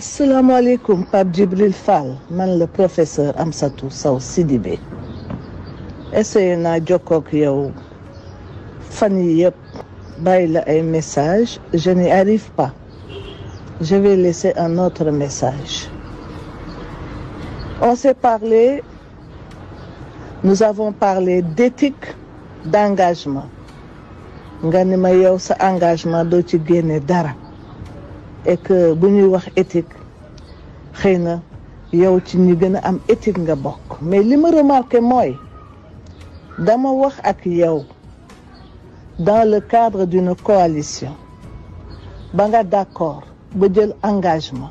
asalaamaaleykum Pape Djibril Fall man le professeur Amsatou Sao Sidibé essayé naa vous Fanny fan yi un message je n'y arrive pas je vais laisser un autre message on s'est parlé nous avons parlé d'éthique d'engagement Nous avons parlé d'engagement, sa engagement doo ci dara et que bu ñuy wax éthique xëy na yow ci ñu gën a am éthique nga bokk mais li ma remarqué mooy dama wax ak yow dans le cadre na coalition ba nga d'accord ba jël engagement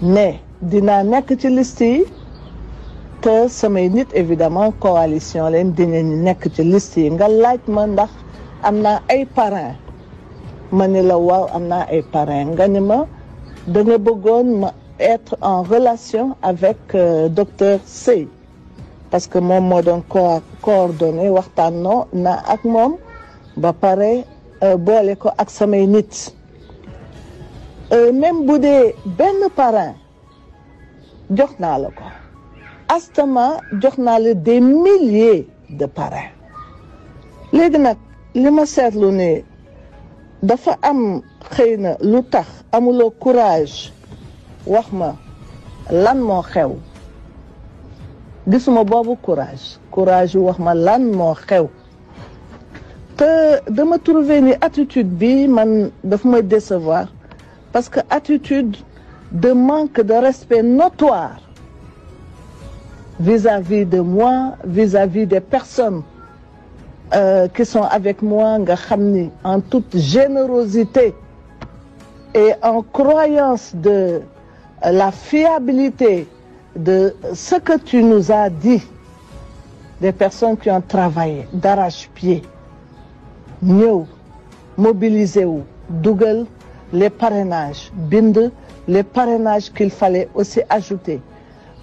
ne dinaa nekk ci liste yi te samay nit évidemment coalition leen dinañu nekk ci list yi nga laaj ma ndax am naa ay parrain manila waw amna ay parrain Ganima, ne da nga bëggoon ma être en relation avec euh, docteur C, parce que moom moo doon co coordonné na ak moom ba pare euh, boole ko ak samay nit euh, même bu dee benn parrain jox naa la ko astama jox des milliers de parrains léegi nag li ma seetlu ne dafa am xëy na lu tax courage wax ma lan moo xew gisuma boobu courage courage wax ma lan moo xew te dama trouver ni attitude bi man daf ma décevoir parce que attitude de manque de respect notoire vis-à-vis de moi vis-à-vis des personnes euh, qui sont avec moi en toute générosité et en croyance de la fiabilité de ce que tu nous as dit des personnes qui ont travaillé d'arrache-pied nous mobiliser wu les parrainages bind les parrainages qu'il fallait aussi ajouter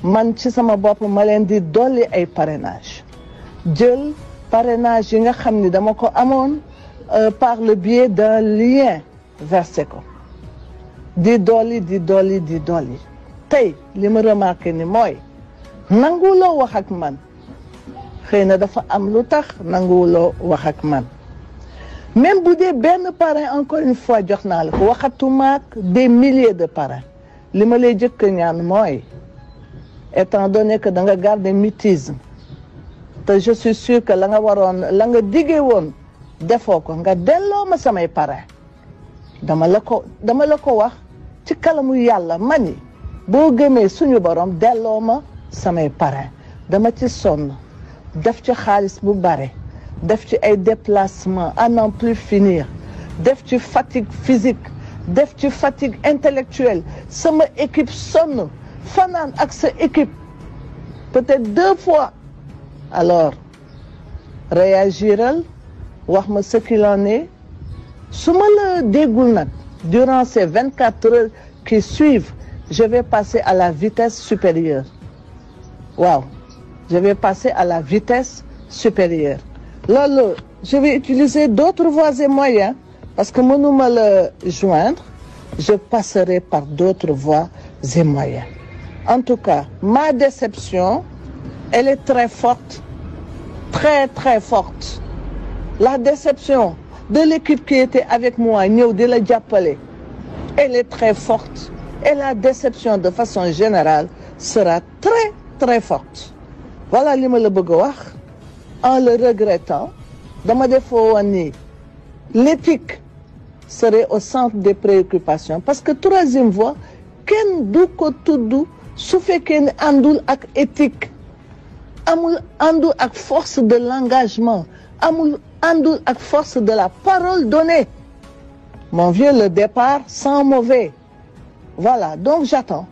man ci sama bopp parrainages parrainage yi nga xam ni dama ko amoon euh, par le biais d'un lien versé ko di dolli di dolli di dolli tey li ma remarqué ni mooy nanguwuloo wax ak man xëy na dafa am lu tax nanguwuloo wax ak man même bu dee benn parrain encore une fois jox naa la ko waxatumaak des milliers de parents. li ma lay jëkk ñaan mooy étant donné que da nga garder mutisme je suis sûr que la nga waroon la nga diggee woon defoo nga ma samay dama la ko dama la ko wax ci kalamu yàlla mani boo gëmee suñu ma samay dama ci sonn def ci bu déplacement à n'en plus finir def ci fatigue physique def ci fatigue intellectuelle sama équipe sonn fanaan ak sa équipe peut-être deux fois alors réagir, voir ce qu'il en est sous durant ces 24 heures qui suivent je vais passer à la vitesse supérieure Waouh, je vais passer à la vitesse supérieure je vais utiliser d'autres voies et moyens parce que me le joindre je passerai par d'autres voies et moyens en tout cas ma déception elle est très forte, très très forte. La déception de l'équipe qui était avec moi, de la elle est très forte. Et la déception de façon générale sera très très forte. Voilà ce que En le regrettant, dans ma l'éthique serait au centre des préoccupations. Parce que troisième voie, ken du ko tuddu su éthique Amoul, andou ak force de l'engagement Amoul, andou ak force de la parole donnée mon vieux le départ sans mauvais voilà donc j'attends